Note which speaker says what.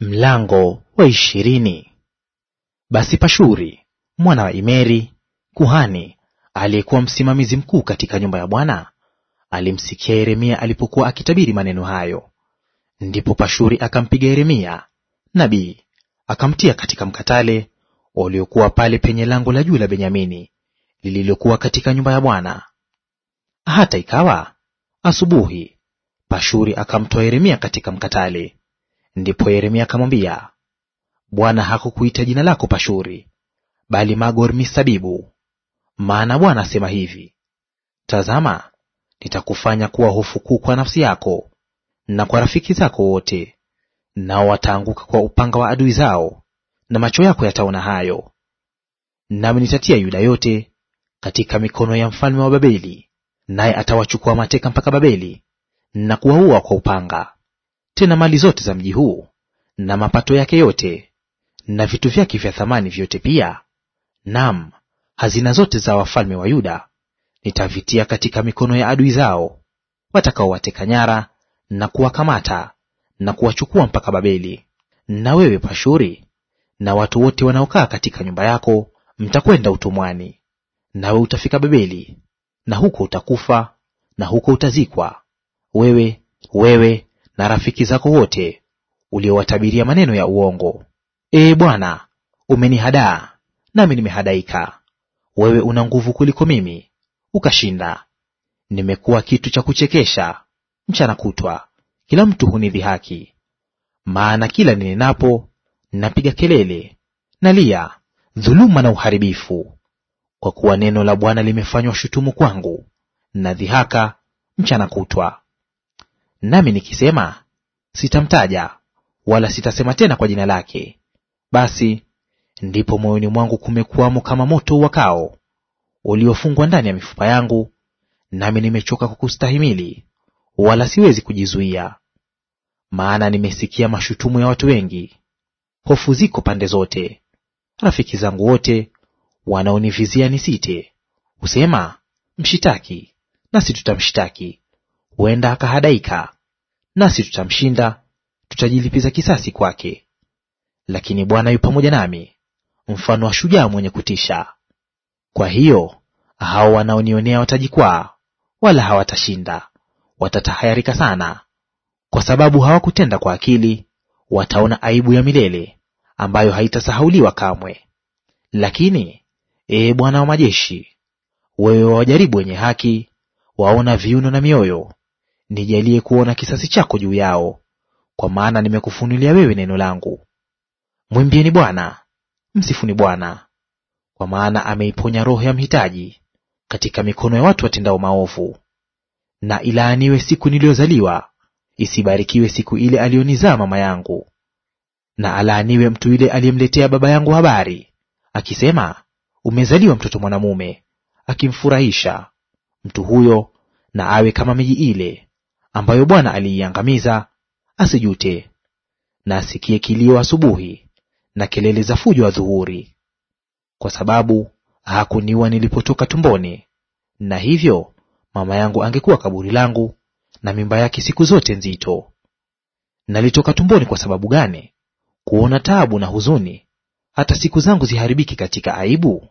Speaker 1: Mlango wa ishirini. Basi Pashuri mwana wa Imeri kuhani aliyekuwa msimamizi mkuu katika nyumba ya Bwana alimsikia Yeremia alipokuwa akitabiri maneno hayo. Ndipo Pashuri akampiga Yeremia nabii, akamtia katika mkatale uliokuwa pale penye lango la juu la Benyamini lililokuwa katika nyumba ya Bwana. Hata ikawa asubuhi, Pashuri akamtoa Yeremia katika mkatale Ndipo Yeremia akamwambia, Bwana hakukuita jina lako Pashuri, bali Magor-Misabibu, maana Bwana asema hivi, tazama, nitakufanya kuwa hofu kuu kwa nafsi yako na kwa rafiki zako wote, nao wataanguka kwa upanga wa adui zao, na macho yako yataona hayo. Nami nitatia Yuda yote katika mikono ya mfalme wa Babeli, naye atawachukua mateka mpaka Babeli na kuwaua kwa upanga tena mali zote za mji huu na mapato yake yote na vitu vyake vya thamani vyote pia, naam, hazina zote za wafalme wa Yuda nitavitia katika mikono ya adui zao watakaowateka nyara na kuwakamata na kuwachukua mpaka Babeli. Na wewe Pashuri na watu wote wanaokaa katika nyumba yako mtakwenda utumwani, nawe utafika Babeli, na huko utakufa, na huko utazikwa wewe, wewe na rafiki zako wote uliowatabiria maneno ya uongo. Ee Bwana, umenihadaa nami nimehadaika. Wewe una nguvu kuliko mimi, ukashinda. Nimekuwa kitu cha kuchekesha mchana kutwa, kila mtu hunidhihaki. Maana kila ninenapo napiga kelele, nalia dhuluma na uharibifu, kwa kuwa neno la Bwana limefanywa shutumu kwangu, na dhihaka mchana kutwa. Nami nikisema sitamtaja, wala sitasema tena kwa jina lake, basi ndipo moyoni mwangu kumekuwamo kama moto uwakao uliofungwa ndani ya mifupa yangu, nami nimechoka kukustahimili, wala siwezi kujizuia. Maana nimesikia mashutumu ya watu wengi, hofu ziko pande zote. Rafiki zangu wote wanaonivizia nisite, husema mshitaki, nasi tutamshitaki; huenda akahadaika, nasi tutamshinda, tutajilipiza kisasi kwake. Lakini Bwana yu pamoja nami, mfano wa shujaa mwenye kutisha. Kwa hiyo hao wanaonionea watajikwaa, wala hawatashinda; watatahayarika sana, kwa sababu hawakutenda kwa akili. Wataona aibu ya milele ambayo haitasahauliwa kamwe. Lakini ee Bwana wa majeshi, wewe wawajaribu wenye haki, waona viuno na mioyo, nijalie kuona kisasi chako juu yao, kwa maana nimekufunulia wewe neno langu. Mwimbieni Bwana, msifuni Bwana, kwa maana ameiponya roho ya mhitaji katika mikono ya watu watendao maovu. Na ilaaniwe siku niliyozaliwa, isibarikiwe siku ile aliyonizaa mama yangu. Na alaaniwe mtu yule aliyemletea baba yangu habari akisema, umezaliwa mtoto mwanamume, akimfurahisha mtu huyo; na awe kama miji ile ambayo Bwana aliiangamiza, asijute; na asikie kilio asubuhi na kelele za fujo adhuhuri, kwa sababu hakuniua nilipotoka tumboni, na hivyo mama yangu angekuwa kaburi langu, na mimba yake siku zote nzito. Nalitoka tumboni kwa sababu gani, kuona taabu na huzuni, hata siku zangu ziharibiki katika aibu?